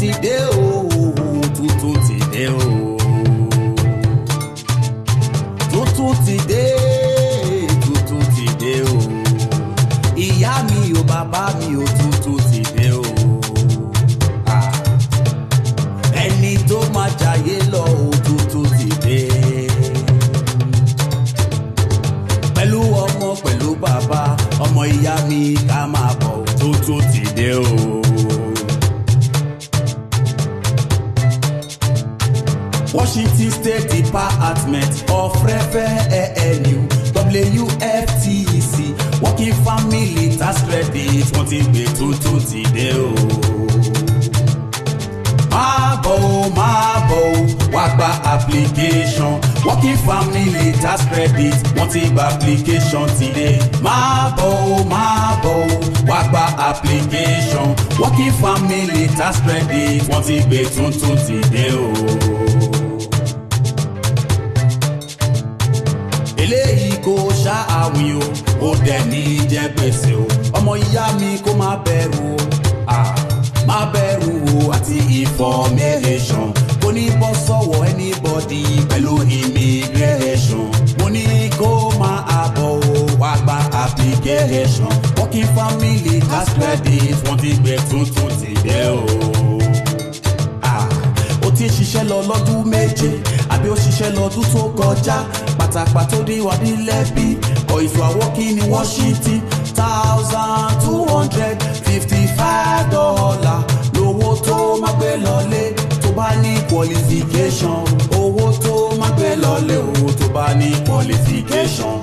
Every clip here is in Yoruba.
ti dé o tuntun ti dé o tuntun ti dé tuntun ti dé o ìyá mi o bàbá mi o tuntun ti dé o ah. ẹni tó máa jayé lọ o tuntun ti dé pẹ̀lú ọmọ pẹ̀lú bàbá ọmọ ìyá mi ká máa bọ̀ o tuntun ti dé o. Washington State Department of Revenue WFTC e Working Family Tax Credit wọ́n ti gbé tuntun ti dé o. Máa bọ̀ o máa bọ̀ o wá gba application Working Family Tax Credit wọ́n ti gba application ti dé. Máa bọ̀ o máa bọ̀ o wá gba application Working Family Tax Credit wọ́n ti gbé tuntun ti dé o. ẹni jẹ gbèsè o ọmọ ìyá mi kó má bẹ̀rù o má bẹ̀rù o àti information kò ní bọ́ sọ́wọ́ anybody pẹ̀lú immigration mo ní kó máa àbọ̀ o wá gba application working family tax credit wọ́n ti gbé tuntun ti bẹ́ o. ó ti ń ṣiṣẹ́ lọ lọ́dún méje àbí ó ṣiṣẹ́ lọ́dún tó kọjá pátápátá tó dín wá nílẹ̀ bíi ọ̀ìsù àwọ́kí ni wọ́n ṣí tí thousand two hundred fifty five dollar lówó tó má gbé lọlé tó bá ní qualification owó tó má gbé lọlé owó tó bá ní qualification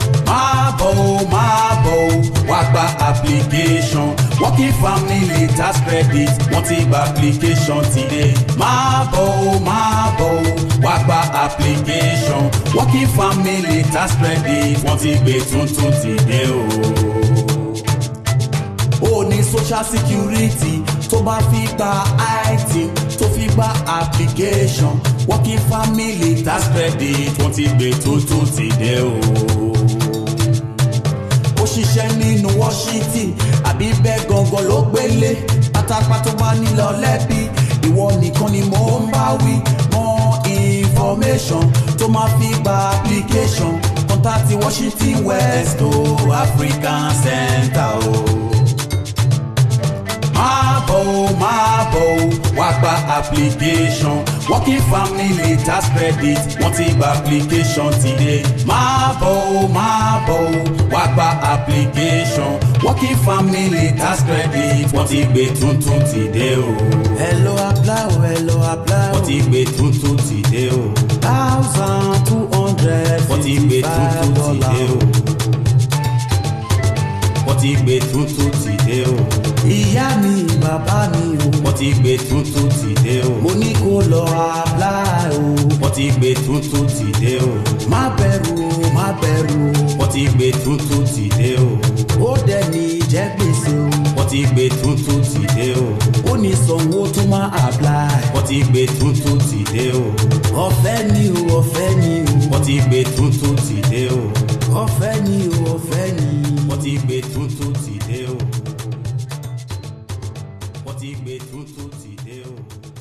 gba application working family tax credit wọ́n ti gba application today máa bọ̀ ó máa wá gba application working family tax credit wọ́n ti gbé tuntun today o. ó ní social security tó bá fi gba IT tó fi gba application working family tax credit wọ́n ti gbé tuntun today o. Washington àbí bẹ́ẹ̀ gangan ló gbélé pátápátá bá nílò lẹ́bi ìwọ nìkan ni mò ń bá wí mọ information tó máa fi gba application contact Washington West o African Center o. Máa bọ̀ wá gba application working family tax credit wọ́n ti gba application today. Máa application working family tax credit wọ́n ti gbé tuntun ti dé o. ẹ lọ apply o ẹ lọ apply o. wọ́n ti gbé tuntun ti dé o. thousand two hundred fifty five dollars o. wọ́n ti gbé tuntun ti dé o. ìyá mi bàbá mi o. wọ́n ti gbé tuntun ti dé o. mo ní kó lọ apply o. wọ́n ti gbé tuntun ti dé o. má bẹ̀rù má bẹ̀rù. wọ́n ti gbé tuntun. tuntun ti dé o. ó ní sanwó tó máa apply. wọ́n ti gbé tuntun ti dé o. ọ̀fẹ́ ni o ọ̀fẹ́ ni o. wọ́n ti gbé tuntun ti dé o. ọ̀fẹ́ ni o ọ̀fẹ́ ni. wọ́n ti gbé tuntun ti dé o. wọ́n ti gbé tuntun ti dé o.